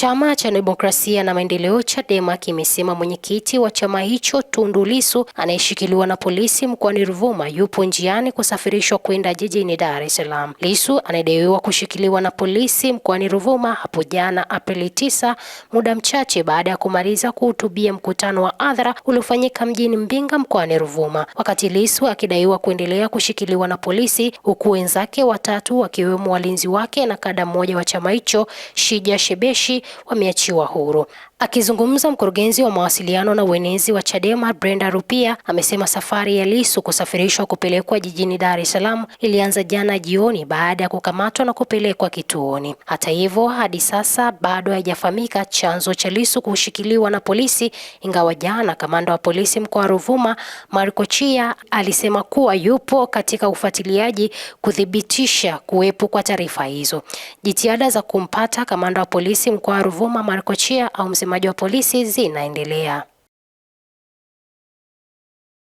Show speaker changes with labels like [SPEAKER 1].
[SPEAKER 1] Chama cha Demokrasia na Maendeleo Chadema kimesema mwenyekiti wa chama hicho Tundu Lissu anayeshikiliwa na polisi mkoani Ruvuma yupo njiani kusafirishwa kwenda jijini Dar es Salaam. Lissu anayedaiwa kushikiliwa na polisi mkoani Ruvuma hapo jana Aprili tisa muda mchache baada ya kumaliza kuhutubia mkutano wa hadhara uliofanyika mjini Mbinga mkoani Ruvuma, wakati Lissu akidaiwa kuendelea kushikiliwa na polisi, huku wenzake watatu wakiwemo walinzi wake na kada mmoja wa chama hicho Shija Shebeshi wameachiwa huru. Akizungumza, mkurugenzi wa mawasiliano na uenezi wa Chadema Brenda Rupia amesema safari ya Lissu kusafirishwa kupelekwa jijini Dar es Salaam ilianza jana jioni baada ya kukamatwa na kupelekwa kituoni. Hata hivyo, hadi sasa bado haijafahamika chanzo cha Lissu kushikiliwa na polisi, ingawa jana kamanda wa polisi mkoa wa Ruvuma Marco Chia alisema kuwa yupo katika ufuatiliaji kuthibitisha kuwepo kwa taarifa hizo. Jitihada za kumpata kamanda wa polisi mkoa Ruvuma Marco Chia au msemaji wa polisi zinaendelea.